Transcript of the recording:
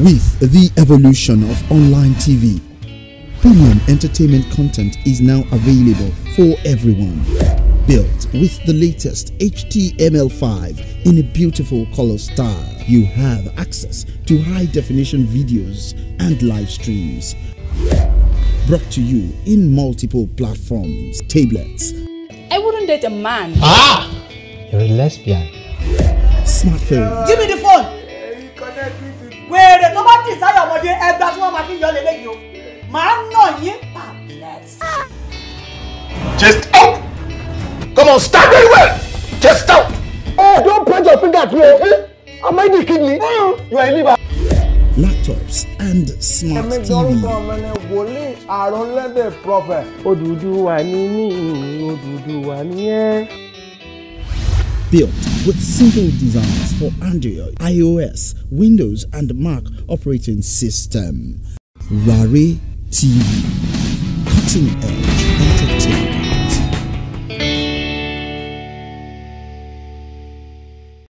With the evolution of online TV, premium entertainment content is now available for everyone. Built with the latest HTML5 in a beautiful color style, you have access to high-definition videos and live streams. Brought to you in multiple platforms, tablets. I wouldn't date a man. Ah! You're a lesbian. Smartphone. Give me the phone! màá just out come on stand very well just out. oh eh, don't point your finger at me o eh? eh? am I the kidney you are a liver. laptops and smart TV. built with single designs for Android, iOS, Windows, and Mac operating system. Rari TV Cutting Edge.